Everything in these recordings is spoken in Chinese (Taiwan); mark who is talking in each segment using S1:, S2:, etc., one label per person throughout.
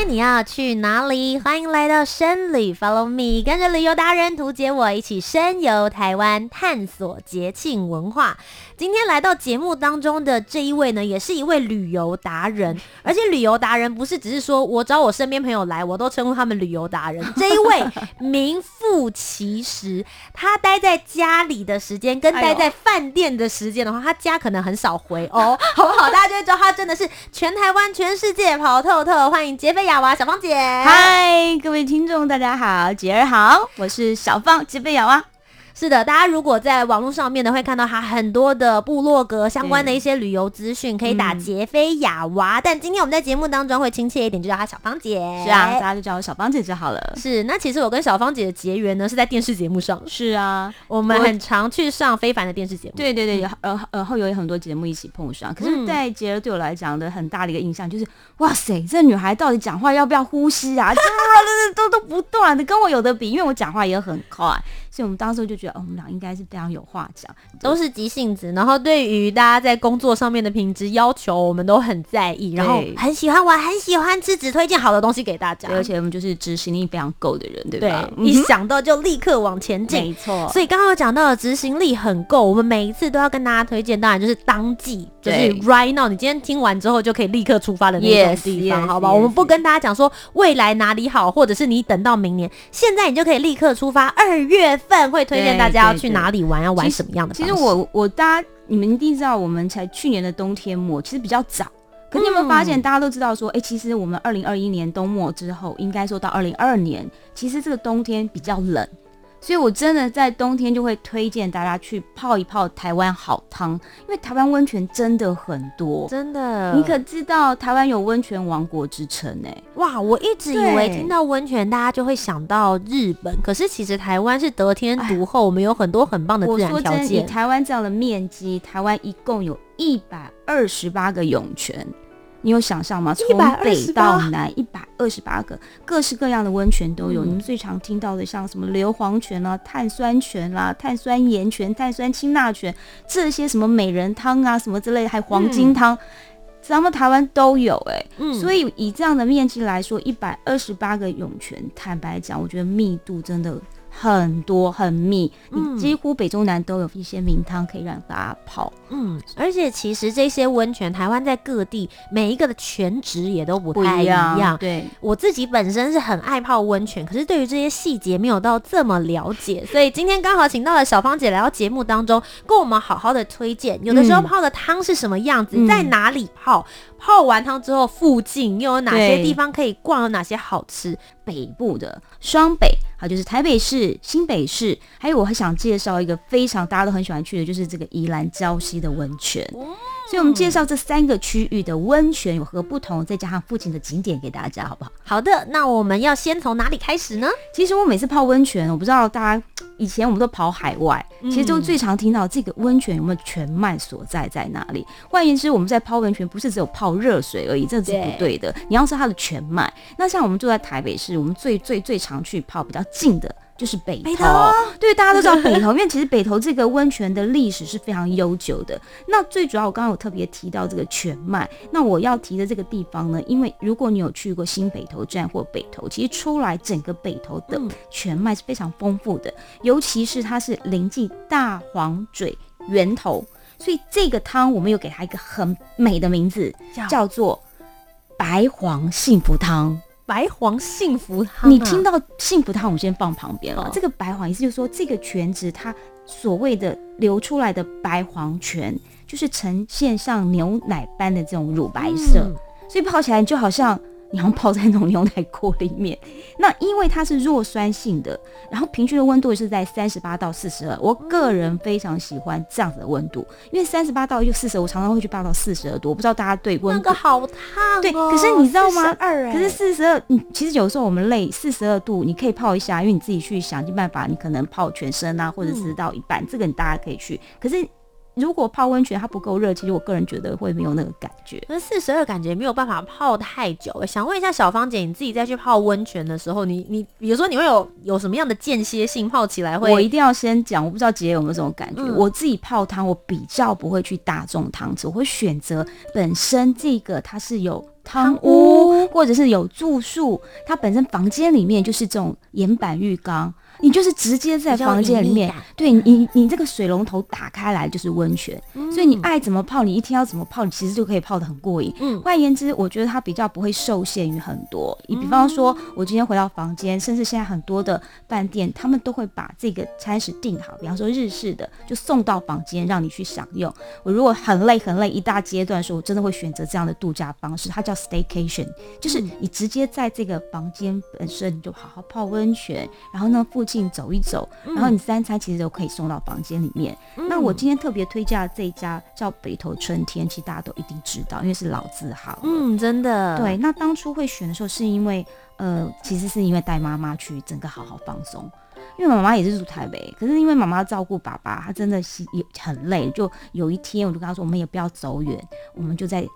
S1: 今天你要去哪裡？歡迎來到深旅，Follow me，跟着旅遊達人屠潔，我一起深遊台灣，探索節慶文化。今天來到節目當中的這一位呢，也是一位旅遊達人，而且旅遊達人不是只是說我找我身邊朋友來，我都稱呼他們旅遊達人。 這一位名副其實，他待在家裡的時間跟待在飯店的時間的話，他家可能很少回哦，oh, 好不好？ 大家就會知道他真的是全台灣、全世界跑透透,透。歡迎傑菲。亞娃，小芳姐，嗨，各位聽眾，大家好，姐兒好，我是小芳，傑菲亞娃。是的，大家如果在網絡上面呢，會看到他很多的部落格相關的一些旅遊資訊，對可以打傑菲亞娃。嗯、但今天我們在節目當中會親切一點，就叫他小芳姐。是啊，唉大家就叫我小芳姐就好了。是，那其實我跟小芳姐的結緣呢，是在電視節目上。是啊，我們很常去上非凡的電視節目。對對對，嗯、
S2: 呃呃，後有很多節目一起碰上。可是，在節目對我來講的很大的一個印象就是，嗯、哇塞，這女孩到底講話要不要呼吸啊？這 都都不斷的跟我有的比，因為我
S1: 講話也很快。所以我們當時就覺得，哦，我們倆應該是非常有
S2: 話講，
S1: 都是急性子。然後對於大家在工作上面的品質要求，我們都很在意，對然後很喜歡玩，很喜歡吃，只推薦好的東西給大家。對，而且我們就是執行力非常夠的人，對不對？一想到就立刻往前進。沒錯錯。所以剛剛有講到的執行力很夠，我們每一次都要跟大家推薦，當然就是當季，對就是 right now，你今天聽完之後就可以立刻出發的那個地方，好不好？我們不跟大家講說未來哪裡好，或者是你等到明年，現在你就可以立刻出發，二月份。飯會推薦大家要去哪裡玩？對對對，要玩什麼樣的其？其實我我大
S2: 家你們一定知道，我們才去年的冬天末，其實比較早。可你有沒有發現，大家都知道說，誒、嗯欸，其實我們二零二一年冬末之後，應該說到二零二二年，其實這個冬天比較冷。所以，我真的在冬天就會推薦大家去泡一泡台灣好湯，因為台灣溫泉真的很多，真
S1: 的。你可
S2: 知道台灣有溫泉王國之稱？哎，
S1: 哇！我一直以為聽到溫泉對大家就會想到日本，可是其實台灣是得天獨厚，唉我們有很多很棒的自然條件。台灣這樣的面積，
S2: 台灣一共有一百二十八個湧泉。你有想象嗎？從北到南一百二十八個各式各樣的溫泉都有。嗯、你們最常聽到的，像什麼硫磺泉啊、碳酸泉啦、啊、碳酸鹽泉、碳酸氫鈉泉這些什麼美人湯啊、什麼之類的，還黃金湯，嗯、咱們台灣都有哎、欸。嗯、所以以這樣的面積來說，一百二十八個湧泉，坦白講，我覺得密度真的。很多很密，你幾乎北中南都有一些名湯可以讓大家泡。
S1: 嗯，是而且其實這些溫泉，台灣在各地每一個的泉質也都不太一樣。一樣對，我自己本身是很愛泡溫泉，可是對於這些細節沒有到這麼了解， 所以今天剛好請到了小芳姐來到節目當中，跟我們好好的推薦。有的時候泡的湯是什麼樣子，嗯、在哪裡泡，泡完湯之後附近又有哪些地方可以逛，對有哪些好吃？北部的雙北。好，就是台北
S2: 市、新北市，還有我還想介紹一個非常大家都很喜歡去的，就是這個宜蘭礁溪的溫泉。所以我們介紹這三個區域的溫泉有何不同，再加上附近的景點給大家，好不好？好的，那我們要先
S1: 從哪裡開始呢？其實我每次泡溫泉，
S2: 我不知道大家以前我們都跑海外，嗯、其實就最常聽到這個溫泉有沒有泉脈所在在哪裡。換言之，我們在泡溫泉不是只有泡熱水而已，這是不對的。對你要是它的泉脈，那像我們住在台北市，我們最最最常去泡比較近的。就是北投，北投對，大家都知道北投， 因為其實北投這個溫泉的歷史是非常悠久的。那最主要，我剛剛有特別提到這個泉脈。那我要提的這個地方呢，因為如果你有去過新北投站或北投，其實出來整個北投的泉脈是非常豐富的，嗯、尤其是它是臨近大黃嘴源頭，所以這個湯我們有給它一個很美的名字，叫，叫做白黃幸福湯。白磺幸福湯，啊，你聽到幸福湯，我們先放旁邊了。哦、這個白磺意思就是說，這個泉質，它所謂的流出來的白磺泉，就是呈現像牛奶般的這種乳白色，嗯、所以泡起來你就好像。然後泡在那種牛奶鍋裡面，那因為它是弱酸性的，然後平均的溫度是在三十八到四十二。我個人非常喜歡這樣子的溫度，因為三十八到就四十，我常常會去泡到四十二度。我不知道大家對溫度那個好燙喔，對，可是你知道嗎？二、欸，可是四十二，你其實有時候我們累，四十二度你可以泡一下，因為你自己去想盡辦法，你可能泡全身啊，或者是到一半，嗯，這個你大家可以去。可是。如果泡溫泉它不夠熱，其實我個人覺得會沒有那個感覺。
S1: 那四十二感覺沒有辦法泡太久。想問一下小芳姐，你自己在去泡溫泉的時候，你你比如說你會有有什麼樣的間歇性泡起來會？會我一
S2: 定要先講，我不知道姐，姐有沒有這種感覺。嗯、我自己泡湯，我比較不會去大眾湯池，我會選擇本身這個它是有湯屋，屋或者是有住宿，它本身房間裡面就是這種岩板浴缸。你就是直接在房間裡面，對你，你這個水龍頭打開來就是溫泉，嗯、所以你愛怎麼泡，你一天要怎麼泡，你其實就可以泡得很過癮。嗯，換言之，我覺得它比較不會受限於很多。你比方說，我今天回到房間，嗯、甚至現在很多的飯店，他們都會把這個餐食訂好，比方說日式的，就送到房間讓你去享用。我如果很累很累，一大階段的時候，我真的會選擇這樣的度假方式，它叫 staycation，就是你直接在這個房間本身，你就好好泡溫泉，然後呢附。走一走，然後你三餐其實都可以送到房間裡面。嗯、那我今天特別推薦這一家叫北投春天，其實大家都一定知道，因為是老字號。
S1: 嗯，真的。對，那
S2: 當初會選的時候，是因為呃，其實是因為帶媽媽去整個好好放鬆，因為媽媽也是住台北，可是因為媽媽照顧爸爸，她真的是也很累。就有一天，我就跟她說，我們也不要走遠，我們就在。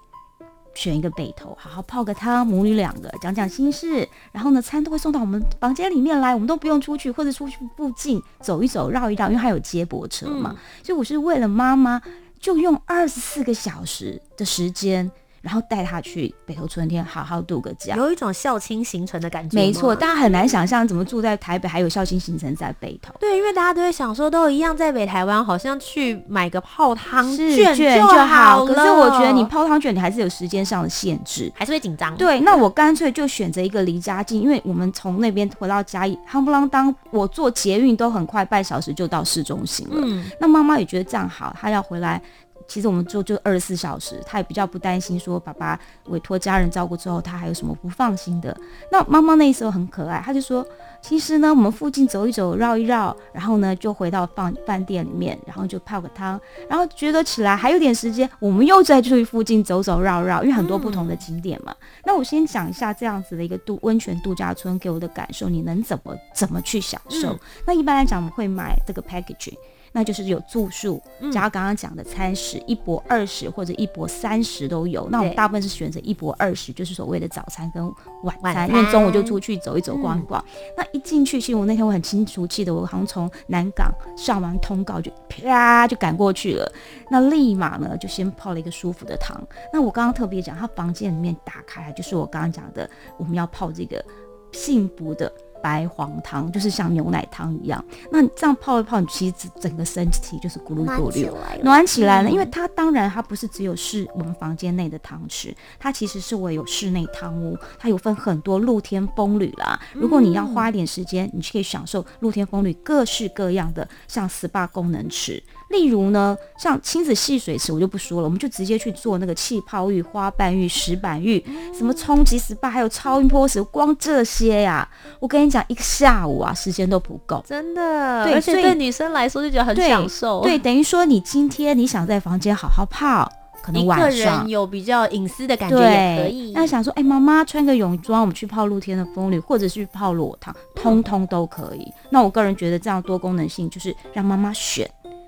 S2: 選一個北投，好好泡個湯，母女兩個講講心事，然後呢，餐都會送到我們房間裡面來，我們都不用出去，或者出去附近走一走，繞一繞，因為還有接駁車嘛。嗯、所以我是為了媽媽，就用二十四個小時的時間。然後帶他去北投春天好好
S1: 度個假，有一種孝親行程的感覺。沒錯，大家很難想象怎麼住在台北還有孝親行程在北投。對，因為大家都會想說，都一樣在北台灣，好像去買個泡湯卷就好了。可是了所以我覺得你
S2: 泡湯卷，你還是有時間上的限制，還
S1: 是會緊張。對，
S2: 那我乾脆就選擇一個離家近，因為我們從那邊回到家，夯不啷當，我坐捷運都很快，半小時就到市中心了。嗯，那媽媽也覺得這樣好，她要回來。其實我們做就二十四小時，他也比較不擔心，說爸爸委托家人照顧之後，他還有什麼不放心的。那媽媽那時候很可愛，他就說，其實呢，我們附近走一走，繞一繞，然後呢，就回到飯飯店裡面，然後就泡個湯，然後覺得起來還有點時間，我們又再去附近走走繞繞，因為很多不同的景點嘛。嗯、那我先講一下這樣子的一個度溫泉度假村給我的感受，你能怎麼怎麼去享受？嗯、那一般來講，我們會買這個 packaging 那就是有住宿，加剛剛講的餐食，嗯、一泊二食或者一泊三食都有。那我們大部分是選擇一泊二食，對就是所謂的早餐跟
S1: 晚餐。晚餐因為中午就出去
S2: 走一走，逛一逛。嗯、那一進去，其實我那天我很清楚記得，我好像從南港上完通告就啪就趕過去了。那立馬呢就先泡了一個舒服的湯。那我剛剛特別講，他房間裡面打開，就是我剛剛講的，我們要泡這個幸福的。白黃湯就是像牛奶湯一樣，那你這樣泡一泡，你其實整個身體就是咕嚕咕嚕暖，暖起來了。因為它當然它不是只有室我們房間內的湯池，它其實是我有室內湯屋，它有分很多露天風呂啦。如果你要花一點時間，你去可以享受露天風呂各式各樣的，像 SPA 功能池。例如呢，像親子戲水池我就不說了，我們就直接去做那個氣泡浴、花瓣浴、石板浴，嗯、什麼衝擊 SPA，還有超音波池，光這些呀、啊。我跟你講，一個下午啊，時間都不夠，
S1: 真的。對，而且對，對女生來說就覺得很享受。對，對，等
S2: 於說你今天你想在房間好好泡，可能晚上一人有
S1: 比較隱私的感覺也可以。
S2: 那想說，哎、欸，媽媽穿個泳裝，我們去泡露天的風呂，或者是去泡裸湯，通通都可以。嗯、那我個人覺得這樣多功能性就是讓媽媽選。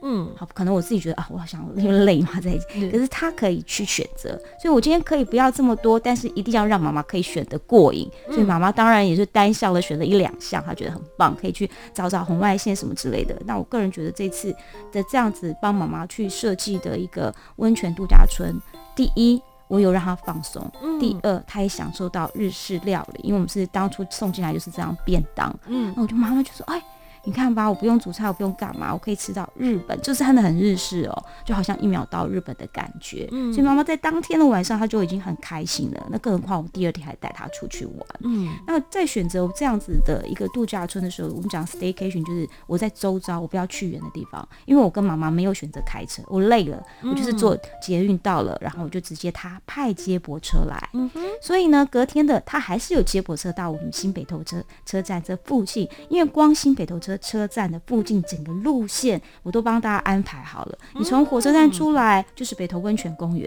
S2: 嗯，好，可能我自己覺得啊，我好像因為累嘛，在一起對可是他可以去選擇，所以我今天可以不要這麼多，但是一定要讓媽媽可以選得過癮。所以媽媽當然也是單項的選擇，一兩項，她覺得很棒，可以去找找紅外線什麼之類的。那我個人覺得這次的這樣子幫媽媽去設計的一個溫泉度假村，第一我有讓她放鬆，第二她也享受到日式料理，因為我們是當初送進來就是這樣便當。嗯，那我就媽媽就說，哎。你看吧，我不用煮菜，我不用幹嘛，我可以吃到日本，就是真的很日式哦，就好像一秒到日本的感覺。嗯。所以媽媽在當天的晚上，她就已經很開心了。那更何況我們第二天還帶她出去玩。嗯，那在選擇這樣子的一個度假村的時候，我們講 staycation 就是我在周遭，我不要去遠的地方，因為我跟媽媽沒有選擇開車，我累了，我就是坐捷運到了，然後我就直接他派接駁車來。嗯哼。所以呢，隔天的他還是有接駁車到我們新北投車車站這附近，因為光新北投車車站的附近，整個路線我都幫大家安排好了。嗯、你從火車站出來、嗯、就是北投溫泉公園，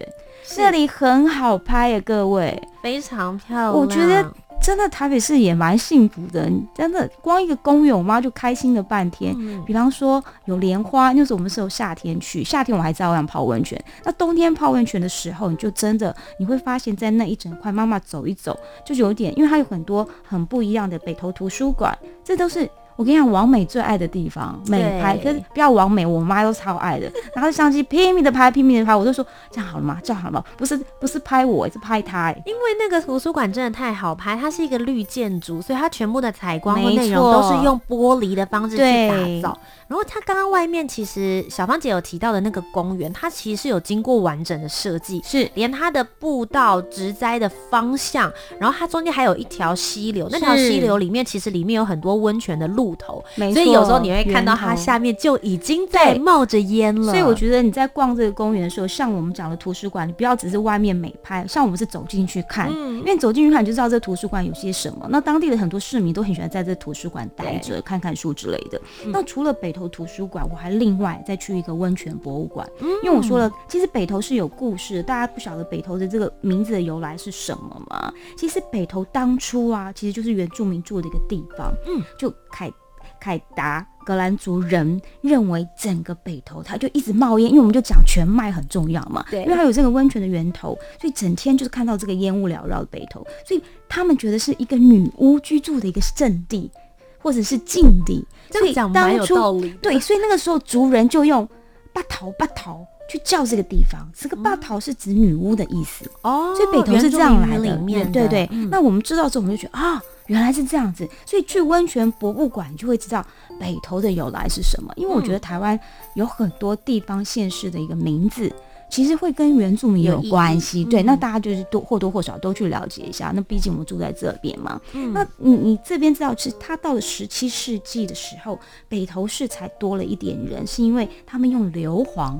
S2: 這是裡很好拍啊，各位非常漂亮。我覺得真的台北市也蠻幸福的，真的光一個公園，我媽就開心了半天。嗯、比方說有蓮花，那時候我們是有夏天去，夏天我還照樣泡溫泉。那冬天泡溫泉的時候，你就真的你會發現在那一整塊，媽媽走一走就有點，因為它有很多很不一樣的。北投圖書館，這都是。我跟你講，王美最愛的地方，美拍跟不要王美，我媽都超愛的，拿着相機拼命的拍，拼
S1: 命的拍。我就說這樣好了嗎？這樣好了嗎？不是，不是拍我，是拍他、欸。因為那個圖書館真的太好拍，它是一個綠建築，所以它全部的採光和內容都是用玻璃的方式去打造。錯然後它剛剛外面其實小芳姐有提到的那個公園，它其實是有經過完整的設計，是連它的步道植栽的方向，然後它中間還有一條溪流，那條溪流裡面是其實裡面有很多溫泉的路頭，所以有時候你會看到它下面就已經在冒
S2: 着煙了。所以我覺得你在逛這個公園的時候，像我們講的圖書館，你不要只是外面美拍，像我們是走進去看，嗯、因為走進去看你就知道這圖書館有些什麼。那當地的很多市民都很喜歡在這圖書館待着，對看看書之類的。嗯、那除了北投圖書館，我還另外再去一個溫泉博物館，因為我說了，其實北投是有故事。大家不曉得北投的這個名字的由來是什麼嗎？其實北投當初啊，其實就是原住民住的一個地方，嗯，就凱。凱達格蘭族人認為整個北投，他就一直冒煙，因為我們就講泉脈很重要嘛，對，因為它有這個溫泉的源頭，所以整天就是看到這個煙霧繚繞的北投，所以他們覺得是一個女巫居住的一個聖地或者是禁地。所以當初對，所以那個時候族人就用八桃，桃、八桃去叫這個地方，這個八桃是指女巫的意思哦，嗯、所以北投是這樣來的，哦、裡面的對，對對。嗯、那我們知道之後，我們就覺得啊。原來是這樣子，所以去溫泉博物館你就會知道北投的由來是什麼？因為我覺得台灣有很多地方縣市的一個名字，嗯、其實會跟原住民有關係。對，嗯嗯，那大家就是多或多或少都去了解一下。那畢竟我們住在這邊嘛，嗯、那你你這邊知道是，他到了十七世紀的時候，北投市才多了一點人，是因為他們用硫磺。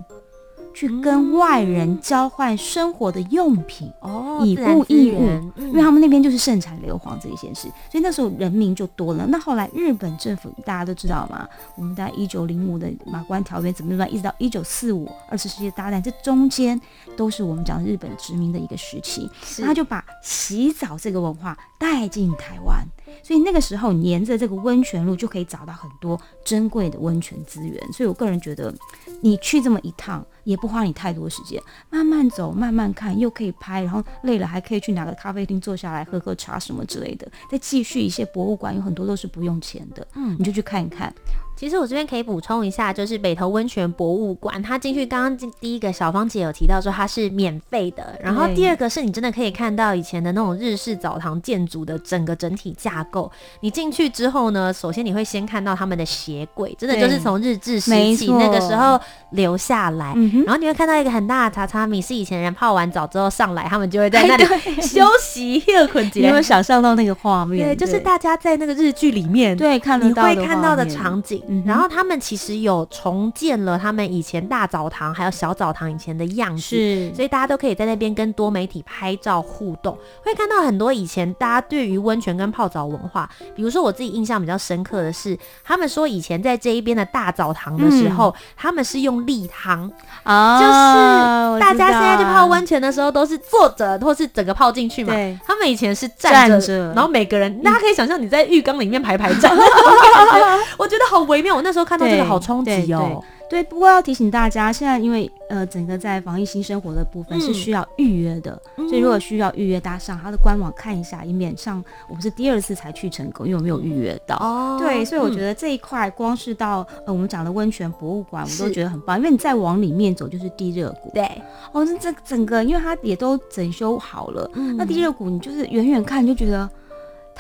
S2: 去跟外人交換生活的用品，嗯、
S1: 哦，以物易物，自然自然，因為他
S2: 們那邊就是盛產硫磺這一件事，所以那時候人民就多了。那後來日本政府大家都知道嘛，我們在一九零五的馬關條約怎麼怎麼一直到一九四五二次世界大戰，這中間都是我們講日本殖民的一個時期，是他就把洗澡這個文化帶進台灣。所以那個時候，沿着這個溫泉路就可以找到很多珍貴的溫泉資源。所以我個人覺得，你去這麼一趟也不花你太多時間，慢慢走，慢慢看，又可以拍，然後累了還可以去哪個咖啡廳坐下來喝喝
S1: 茶什麼之類的，再繼續一些博物館，有很多都是不用錢的，嗯，你就去看一看。其實我這邊可以補充一下，就是北投溫泉博物館，它進去剛剛第一個小芳姐有提到說它是免費的，然後第二個是你真的可以看到以前的那種日式澡堂建築的整個整體架構。你進去之後呢，首先你會先看到他們的鞋櫃，真的就是從日治時期那個時候留下來。然後你會看到一個很大的榻榻米，是以前人泡完澡之後上來，他們就會在那裡休息、休息。你有沒有想象到那個畫面？對，就是大家在那個日劇裡面對，對看得到你會看到的場景。嗯，然後他們其實有重建了他們以前大澡堂還有小澡堂以前的樣子，是，所以大家都可以在那邊跟多媒體拍照互動，會看到很多以前大家對於溫泉跟泡澡文化，比如說我自己印象比較深刻的是，他們說以前在這一邊的大澡堂的時候，嗯、他們是用立湯哦，就是大家現在去泡溫泉的時候都是坐着或是整個泡進去嘛，對他們以前是站着，站着然後每個人、嗯、大家可以想象你在浴缸裡面排排站， 我覺得好危。因為我那時候看到這個好衝擊哦，對對對對，
S2: 對，不過要提醒大家，現在因為呃整個在防疫新生活的部分是需要預約的，嗯、所以如果需要預約，搭上他的官網看一下，以免上。我們是第二次才去成功，因為我沒有預約到。哦，對，所以我覺得這一塊光是到、嗯、呃我們講的溫泉博物館，我都覺得很棒，是因為你再往裡面走就是地熱谷，對，哦，這整個因為它也都整修好了，嗯、那地熱谷你就是遠遠看就覺得。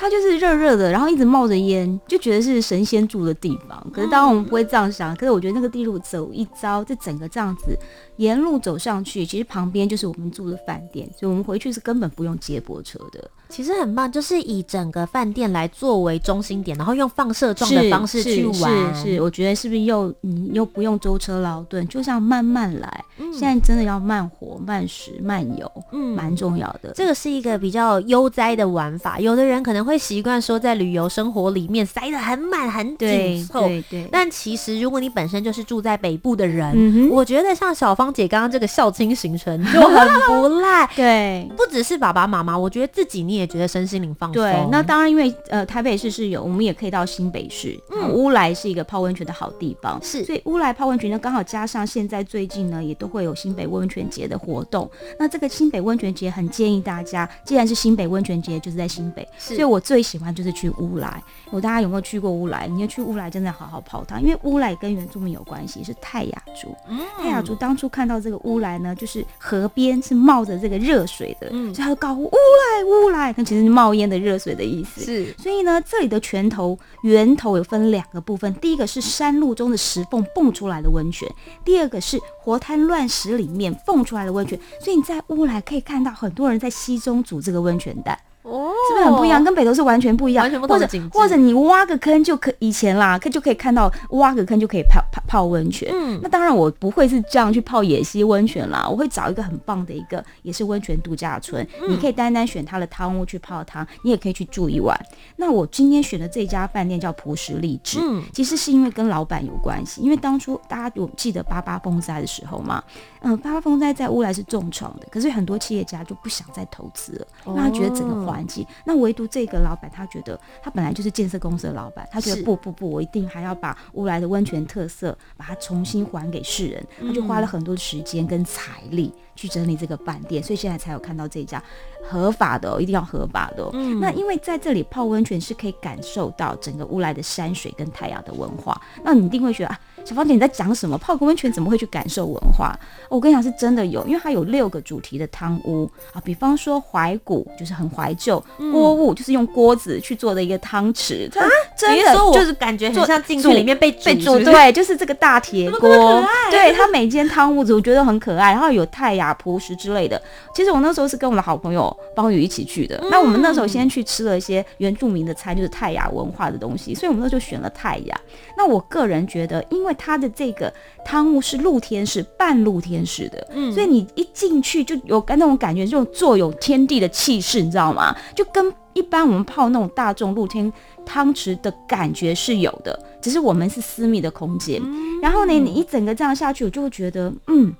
S2: 它就是熱熱的，然後一直冒着煙，就覺得是神仙住的地方。可是當然我們不會這樣想，可是我覺得那個地路走一遭，就整個這樣子，沿路走
S1: 上去，其實旁邊就是我們住的飯店，所以我們回去是
S2: 根本不用接駁車的。
S1: 其實很棒，就是以整個飯店來作為中心點，然後用放射狀的方式去玩。是是，是，是，是，我
S2: 覺得是不是又你又不用舟車勞頓，就像慢慢來。嗯、現在真的要慢活、慢食、慢遊，蠻、嗯、重要的。這個
S1: 是一個比較悠哉的玩法。有的人可能會習慣說，在旅遊生活裡面塞的很滿很緊湊，對對。但其實如果你本身就是住在北部的人，嗯、哼我覺得像小芳姐剛剛這個孝親行程就很不賴。 對，不只是爸爸媽媽，我覺得自己你。也覺得身
S2: 心靈放鬆。對，那當然，因為呃，台北市是有，我們也可以到新北市。嗯，烏來、呃、是一個泡溫泉的好地方。是，所以烏來泡溫泉呢，剛好加上現在最近呢，也都會有新北溫泉節的活動。那這個新北溫泉節，很建議大家，既然是新北溫泉節，就是在新北。是所以，我最喜歡就是去烏來。我大家有沒有去過烏來？你要去烏來，真的好好泡湯，因為烏來跟原住民有關係，是泰雅族。
S1: 嗯、泰雅族
S2: 當初看到這個烏來呢，就是河邊是冒着這個熱水的，嗯、所以他就高呼烏來烏來。它其實是冒煙的熱水的意思是，所以呢，這裡的泉頭源頭有分兩個部分，第一個是山路中的石縫蹦出來的溫泉，第二個是活灘亂石裡面蹦出來的溫泉。所以你在烏來可以看到很多人在溪中煮這個溫泉蛋。
S1: 哦，是不是很不一樣？跟北投是完全不一樣，完全不同。或者或
S2: 者你挖個坑就可以,以前啦，可就可以看到挖個坑就可以泡泡泡溫泉。嗯，那當然我不會是這樣去泡野溪溫泉啦，我會找一個很棒的一個也是溫泉度假村。嗯，你可以單單選他的湯屋去泡湯，你也可以去住一晚。那我今天選的這家飯店叫璞石麗致，嗯，其實是因為跟老板有關係，因為當初大家有記得八八風災的時候嘛，嗯，八八風災在烏來是重創的，可是很多企業家就不想再投資了，讓他覺得整個。環境，那唯獨這個老闆，他覺得他本來就是建設公司的老闆，他覺得不是不不，我一定還要把烏來的溫泉特色把它重新還給世人，嗯、他就花了很多時間跟財力去整理這個飯店，所以現在才有看到這家合法的、哦，一定要合法的、哦。嗯、那因為在這裡泡溫泉是可以感受到整個烏來的山水跟泰雅的文化，那你一定會覺得。啊。小芳姐，你在講什麼？泡個溫泉怎麼會去感受文化？哦、我跟你講，是真的有，因為它有六個主題的湯屋啊，比方說懷古，就是很懷舊；鍋、嗯、物，就是用鍋子去做的一個湯池蛤、啊。真的，就是感覺很像進去裡面被被煮。素是是對，就是這個大鐵鍋。啊、對它每間湯屋子，我覺得很可愛。然後有泰雅、樸石之類的。其實我那時候是跟我的好朋友鮑宇一起去的。嗯、那我們那時候先去吃了一些原住民的菜，就是泰雅文化的東西，所以我們那時候就選了泰雅。那我個人覺得，因為因為它的這個湯屋是露天式、半露天式的，嗯，所以你一進去就有那種感覺，這種坐有天地的氣勢，你知道嗎？就跟一般我們泡那種大眾露天湯池的感覺是有的，只是我們是私密的空間。嗯，然後呢，你一整個這樣下去，我就會覺得，嗯。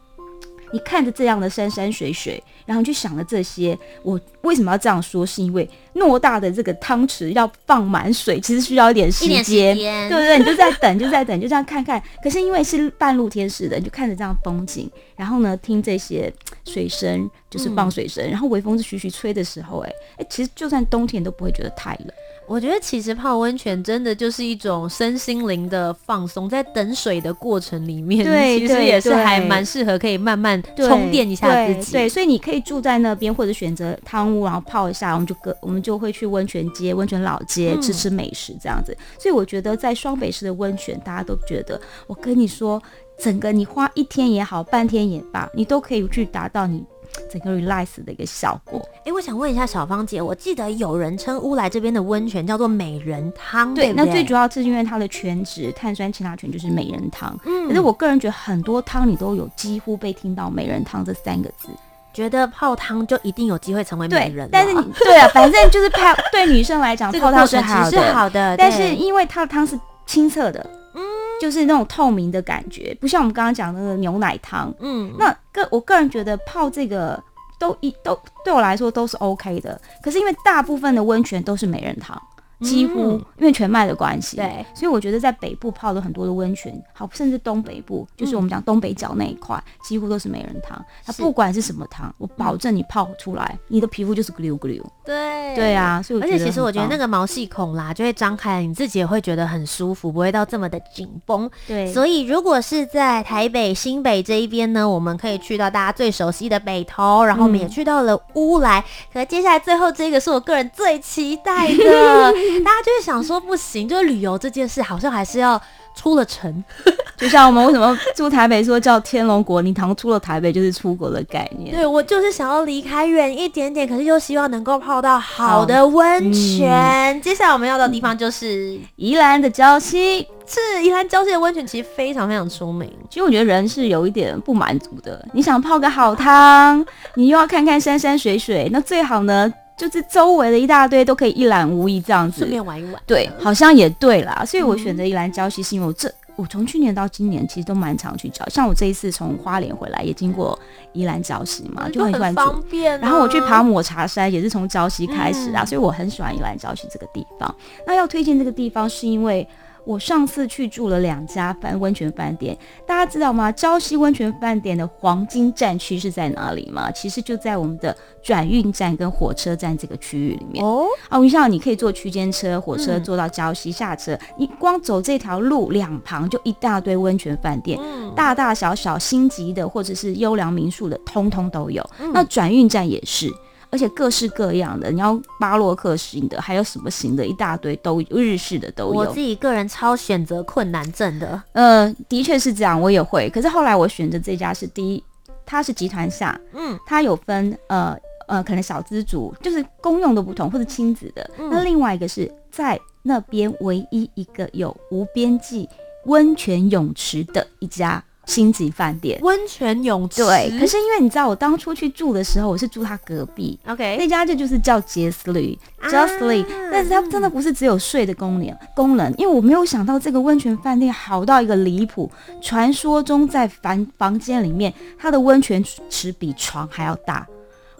S2: 你看着這樣的山山水水，然後你就想了這些。我為什麼要這樣說？是因為偌大的這個湯池要放滿水，其實需要一點時間，對不對，對？你就在等，就在等，就這樣看看。 可是因為是半露天式的，你就看着這樣風景，然後呢，聽這些水聲，就是放水聲，嗯、然後微風是徐徐吹的時候，欸，誒、欸、哎，其實就算冬天都不會覺得太冷。
S1: 我覺得其實泡溫泉真的就是一種身心靈的放鬆，在等水的過程裡面，對，其實也是還蠻適合可以慢慢充電一下自己。對，對，對，對，所
S2: 以你可以住在那邊，或者選擇湯屋，然後泡一下，我們就跟我們就會去溫泉街、溫泉老街吃吃美食這樣子。嗯。所以我覺得在雙北市的溫泉，大家都覺得，我跟你說，整個你花一天也好，半天也罷，你都可以去達到你。整個 relax 的一個效果。
S1: 哎，我想問一下小芳姐，我記得有人稱烏來這邊的溫泉叫做美人湯，對？對對，那最主要是因為它的全職碳酸
S2: 氫鈉泉就是美人湯。嗯，可是我個人覺得很多湯你都有幾乎被聽到美人湯這
S1: 三個字，覺得泡湯就一定有機會成為美人。但是你對啊， 反正就是泡對女生來講 泡湯是好的，是好的。但是因
S2: 為它的湯是清澈的，對嗯。就是那種透明的感覺，不像我們剛剛講的那個牛奶湯。嗯，那個我個人覺得泡這個都一都對我來說都是 OK 的。可是因為大部分的溫泉都是美人湯。幾乎、嗯、因為全麥的關係，對，所以我覺得在北部泡了很多的溫泉，好，甚至東北部，嗯、就是我們講東北角那一塊，幾乎都是美人湯。它不管是什麼湯，是我保證你泡出來，嗯、你的皮膚就是咕溜咕溜。
S1: 對，對啊，所以而且其實我覺得那個毛細孔啦就會張開，你自己也會覺得很舒服，不會到這麼的緊繃。對，所以如果是在台北、新北這一邊呢，我們可以去到大家最熟悉的北投，然後我們也去到了烏來，嗯、可接下來最後這個是我個人最期待的。 大家就是想說不行，就是旅遊這件事好像還是要出了城。 就像我們為什麼住台北說，說叫天龍國，你堂出了台北就是出國
S2: 的概念。
S1: 對，我就是想要離開遠一點點，可是又希望能夠泡到好的溫泉。嗯、接下來我們要到的地方就是宜蘭的礁溪，是宜蘭礁溪的溫泉其實非常非常出名。其
S2: 實我覺得人是有一點不滿足的，
S1: 你想泡個好
S2: 湯，你又要看看山山水水，那最好呢？就是周圍的一大堆都可以一覽無遺這樣子，順便玩一玩。對，好像也對啦，所以我選擇宜蘭礁溪是因為我這、嗯、我從去年到今年其實都蠻常去礁像我這一次從花蓮回來也經過宜蘭礁溪嘛，嗯、就很喜歡住。方便、啊。然後我去爬抹茶山也是從礁溪開始啊，嗯、所以我很喜歡宜蘭礁溪這個地方。那要推薦這個地方是因為。我上次去住了兩家溫溫泉飯店，大家知道嗎？礁溪溫泉飯店的黃金站區是在哪裡嗎？其實就在我們的轉運站跟火車站這個區域裡面哦。啊，我想到你可以坐區間車、火車坐到礁溪、嗯、下車，你光走這條路兩旁就一大堆溫泉飯店，嗯、大大小小、星級的或者是優良民宿的，通通都有。嗯、那轉運站也是。而且各式各樣的，你要巴洛克型的，還有什麼型的，一大堆都有，日式的都有。我自己
S1: 個人超選擇困難症
S2: 的，呃，的確是這樣，我也會。可是後來我選擇這家是第一，它是集團下，嗯，它有分，呃呃，可能小資族就是公用的不同，或者親子的。那另外一個是在那邊唯一一個有無邊際溫泉泳池的一家。星級飯店、溫
S1: 泉泳池，對。可是因為
S2: 你知道，我當初去住的時候，我是住他隔壁。OK，那家就就是叫 Justly，Justly。但是他真的不是只有睡的功能，功能、嗯。因為我沒有想到這個溫泉飯店好到一個離譜，傳說中在房房間裡面，他的溫泉池比床還要大。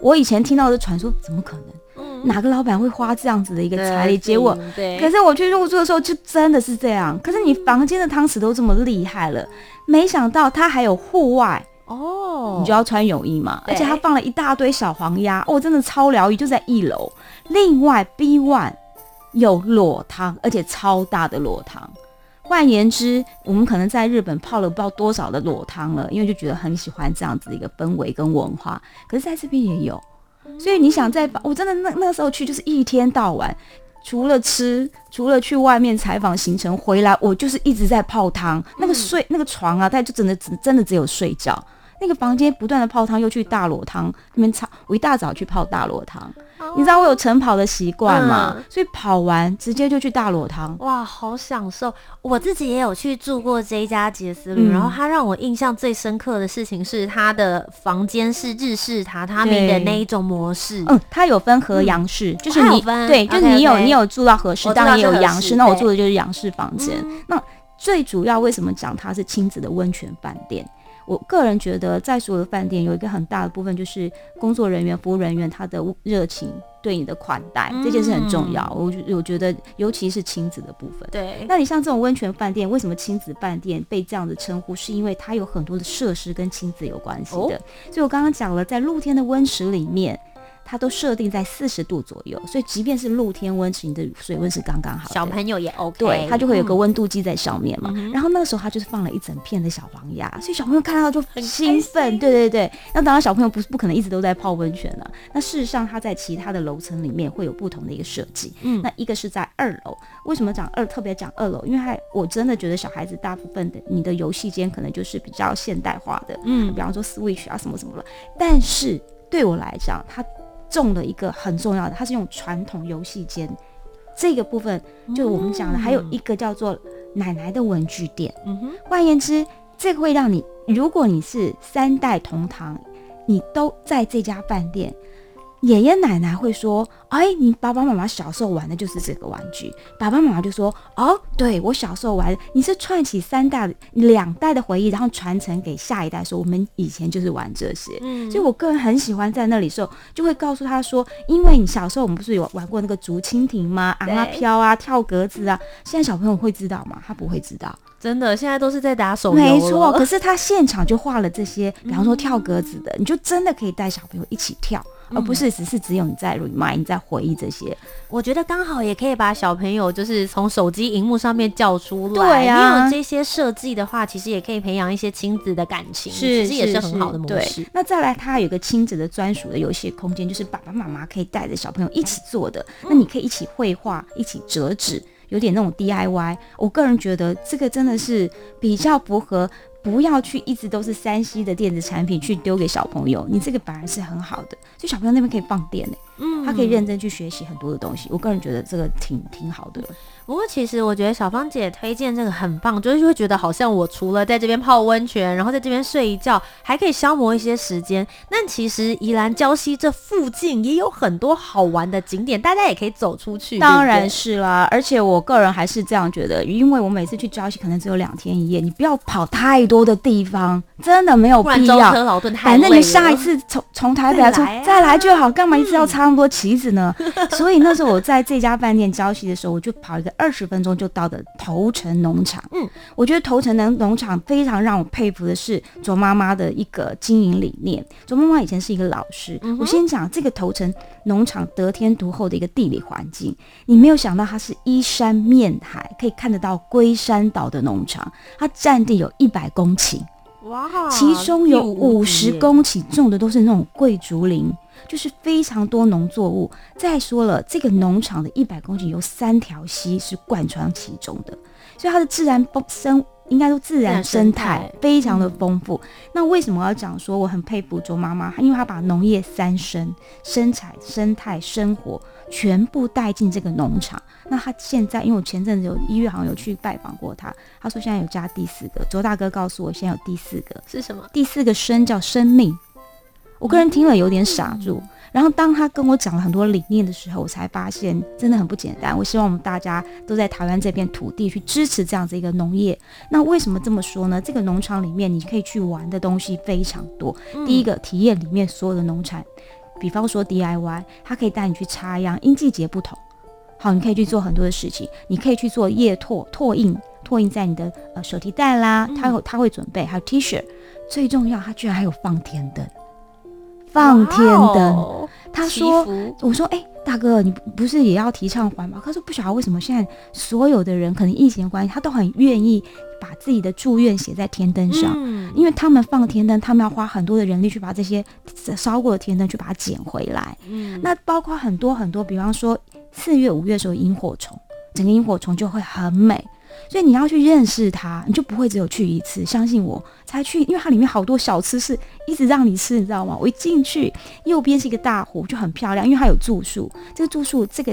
S2: 我以前聽到的傳說，怎麼可能？嗯、哪個老闆會花這樣子的一個財力？嗯、結果，對。對，可是我去入住的時候，就真的是這樣。可是你房間的湯池都這麼厲害了。沒想到它還有戶外哦，oh, 你就要穿泳衣嘛，對而且它放了一大堆小黃鴨，哦，真的超療癒，就在一樓。另外 B one 有裸湯，而且超大的裸湯。換言之，我們可能在日本泡了不知道多少的裸湯了，因為就覺得很喜歡這樣子一個氛圍跟文化。可是在這邊也有，所以你想在，我、哦、真的那那時候去就是一天到晚，除了吃，除了去外面採訪行程回來，我就是一直在泡湯。那個睡、嗯、那個床啊，他就真的只真的只有睡覺。那個房間不斷的泡湯，又去大裸湯。那邊吵，我一大早去泡大裸湯。你知道我有晨跑的習慣嘛？所以跑完直接就去大裸湯。
S1: 哇，好享受！我自己也有去住過這一家捷絲旅，然後他讓我印象最深刻的事情是他的房間是日式榻榻米的那一種模式。嗯，
S2: 他有分和洋式，就是你分對，就是你有你有住到和室，當然也有洋式。那我住的就是洋式房間。
S1: 那最主
S2: 要為什麼講他是親子的溫泉飯店？我個人覺得，在所有的飯店，有一個很大的部分就是工作人員、服務人員他的熱情對你的款待、嗯、這件事很重要。我我覺得，尤其是親子的部分。對，那你像這種溫泉飯店，為什麼親子飯店被這樣的稱呼？是因為它有很多的設施跟親子有關係的。哦、所以我剛剛講了，在露天的溫池裡面。它都設定在四十度左右，所以即便是露天溫你的水溫是剛剛好，okay, 小朋友也 OK。對，它就會有個溫度計在上面嘛。嗯、然後那個時候，它就是放了一整片的小黃鴨，嗯、哼所以小朋友看到就很興奮。很對對對。那當然，小朋友不是不可能一直都在泡溫泉了。那事實上，他在其他的樓層裡面會有不同的一個設計。嗯，那一個是在二樓，為什麼講二？特別講二樓，因為我真的覺得小孩子大部分的你的遊戲間可能就是比較現代化的，嗯，比方說 Switch 啊什麼什麼了。但是對我來講，它中的一個很重要的，它是用傳統遊戲間這個部分，就我們講的，還有一個叫做奶奶的文具店。嗯哼，換言之，這個會讓你，如果你是三代同堂，你都在這家飯店。爺爺奶奶會說：“哎、欸，你爸爸媽媽小時候玩的就是這個玩具。”爸爸媽媽就說：“哦，對，我小時候玩。你是串起三代、兩代的回憶，然後傳承給下一代說，說我們以前就是玩這些。嗯，所以我個人很喜歡在那裡的時候，就會告訴他說：“因為你小時候，我們不是有玩過那個竹蜻蜓嗎？啊，啊，飄啊，跳格子啊。對”現在小朋友會知道嗎？他不會知道，
S1: 真的，現在都是在打手遊。沒錯，可是他
S2: 現場就畫了這些，比方說跳格子的，嗯、你就真的可以帶小朋友一起跳。而不是只是只有你在 remind 你在回憶這些，我覺
S1: 得剛好也可以把小朋友就是從手機熒幕上面叫出來。對啊、因為這些設計的話，其實也可以培養一些親子的感情，是是其實也是很好的模式。對對那再來，它
S2: 有一個親子的專屬的遊戲空間，就是爸爸媽媽可以帶着小朋友一起做的。嗯、那你可以一起繪畫，一起折紙，有點那種 DIY。我個人覺得這個真的是比較符合。不要去，一直都是三 C 的電子產品去丟給小朋友，你這個反而是很好的，就小朋友那邊可以放電呢、欸。
S1: 嗯，他可以認真
S2: 去學習很多的東西。我個人覺得這個挺挺好的。
S1: 不過其實我覺得小芳姐推薦這個很棒，就是會覺得好像我除了在這邊泡溫泉，然後在這邊睡一覺，還可以消磨一些時間。那其實宜蘭礁溪這附近也有很多好玩的景點，大家也可以走出去。當然對對，是
S2: 啦，而且我個人還是這樣覺得，因為我每次去礁溪可能只有兩天一夜，你不要跑太多的地方，真的沒有必要。反正你下一次從從台北來，再來，啊，再來就好，幹嘛一直要擦那麼多棋子呢，所以那時候我在這家飯店交戲的時候，我就跑一個二十分鐘就到的頭城農場。嗯，我覺得頭城農農場非常讓我佩服的是卓媽媽的一個經營理念。卓媽媽以前是一個老師，嗯、哼我先講這個頭城農場得天獨厚的一個地理環境，你沒有想到它是依山面海，可以看得到龜山島的農場，它佔地有一百公頃。哇，其中有五十公頃種的都是那種桂竹林，就是非常多農作物。再說了，這個農場的一百公頃有三條溪是貫穿其中的，所以它的自然生。應該說自然生態非常的豐富。嗯、那為什麼要講說我很佩服卓媽媽？因為她把農業三生、生產、生態、生活全部帶進這個農場。那她現在，因為我前陣子有一月好像有去拜訪過她，她說現在有加第四個。卓大哥告訴我，現在有第四個是什麼？第四個生叫生命。我個人聽了有點傻住。嗯然後當他跟我講了很多理念的時候，我才發現真的很不簡單。我希望我們大家都在台灣這片土地去支持這樣子一個農業。那為什麼這麼說呢？這個農場裡面你可以去玩的東西非常多。第一個，體驗裡面所有的農產，比方說 DIY，它可以帶你去插秧，因季節不同，好，你可以去做很多的事情。你可以去做葉拓拓印，拓印在你的呃手提袋啦，它有它會準備，還有 T 恤，shirt, 最重要，它居然還有放天燈。放天燈，wow, 他說：“祈福。我說，哎、欸，大哥，你不是也要提倡環保？”可是不曉得為什麼，現在所有的人可能疫情的關係，他都很願意把自己的祝願寫在天燈上，嗯、因為他們放天燈，他們要花很多的人力去把這些燒過的天燈去把它撿回來。嗯、那包括很多很多，比方說四月五月的時候，螢火蟲，整個螢火蟲就會很美。”所以你要去認識它，你就不會只有去一次。相信我才去，因為它裡面好多小吃是一直讓你吃，你知道嗎？我一進去，右邊是一個大湖，就很漂亮，因為它有住宿。這個住宿，這個，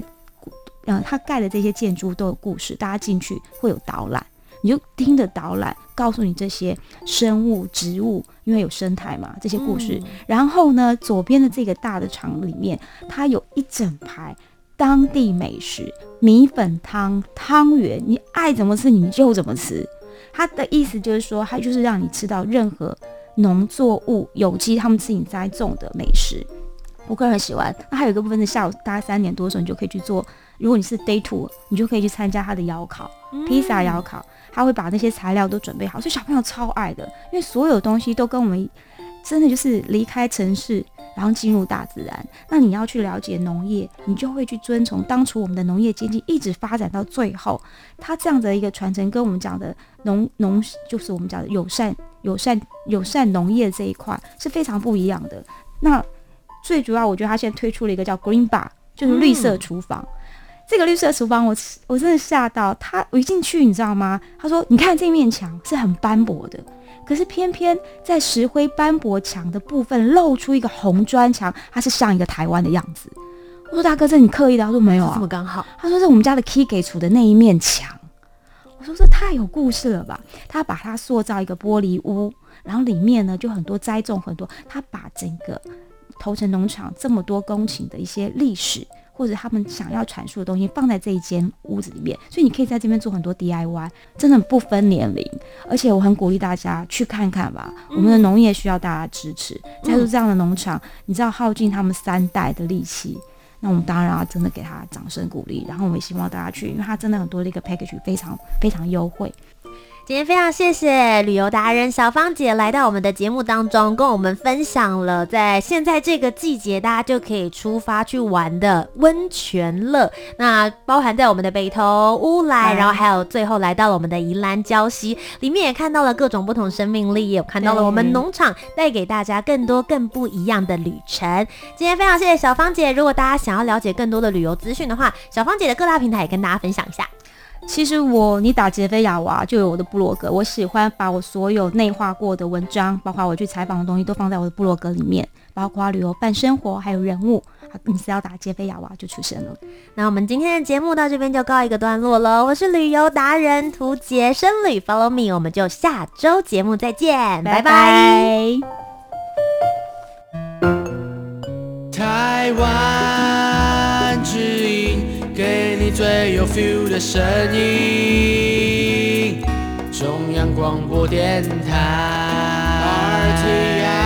S2: 嗯、呃，它蓋的這些建築都有故事，大家進去會有導覽，你就聽着導覽告訴你這些生物、植物，因為有生態嘛，這些故事。然後呢，左邊的這個大的廠裡面，它有一整排。當地美食米粉湯、湯圓，你愛怎麼吃你就怎麼吃。他的意思就是說，他就是讓你吃到任何農作物有機，他們自己栽種的美食。我個人很喜歡。那還有一個部分是下午大概三點多的時候，你就可以去做。如果你是 Day Two，你就可以去參加他的窯烤、嗯、披薩窯烤。他會把那些材料都準備好，所以小朋友超愛的，因為所有東西都跟我們真的就是離開城市。然後進入大自然，那你要去了解農業，你就會去遵從當初我們的農業經濟一直發展到最後，它這樣的一個傳承跟我們講的農農就是我們講的友善友善友善農業這一塊是非常不一樣的。那最主要，我覺得他現在推出了一個叫 Green Bar，就是綠色廚房。嗯、這個綠色廚房我，我我真的嚇到他，我一進去，你知道嗎？他說：“你看這面牆是很斑駁的。”可是偏偏在石灰斑駁牆的部分露出一個紅磚牆，它是像一個台灣的樣子。我說大哥，這你刻意的？他說沒有啊，這麼剛好？他說是我們家的 key 給出的那一面牆。我說這太有故事了吧！他把它塑造一個玻璃屋，然後裡面呢就很多栽種很多。他把整個頭城農場這麼多公頃的一些歷史。或者他們想要闡述的東西放在這一間屋子裡面，所以你可以在這邊做很多 DIY，真的不分年齡。而且我很鼓勵大家去看看吧，我們的農業需要大家支持。加入這樣的農場，你知道耗盡他們三代的力氣，那我們當然要真的給他掌聲鼓勵。
S1: 然後我們也希望大家去，
S2: 因為他真的很多的一個 package 非常非常優惠。今
S1: 天非常謝謝旅遊達人小芳姐來到我們的節目當中，跟我們分享了在現在這個季節大家就可以出發去玩的溫泉了。那包含在我們的北投烏來，然後還有最後來到了我們的宜蘭礁溪，裡面也看到了各種不同生命力，也看到了我們農場帶給大家更多更不一樣的旅程。今天非常謝謝小芳姐，如果大家想要了解更多的旅遊資訊的話，小芳姐的各大平台也跟大家分享一下。
S2: 其實我，你打傑菲亞娃就有我的部落格。我喜歡把我所有內化過的文章，包括我去採訪的東西，都放在我的部落格裡面，
S1: 包括旅遊、半生活還有人物。啊、你只要打傑菲亞娃就出現了。那我們今天的節目到這邊就告一個段落了。我是旅遊達人屠潔深旅，Follow me，我們就下周節目再見，拜拜 bye。台灣。feel 的聲音，中央廣播電台。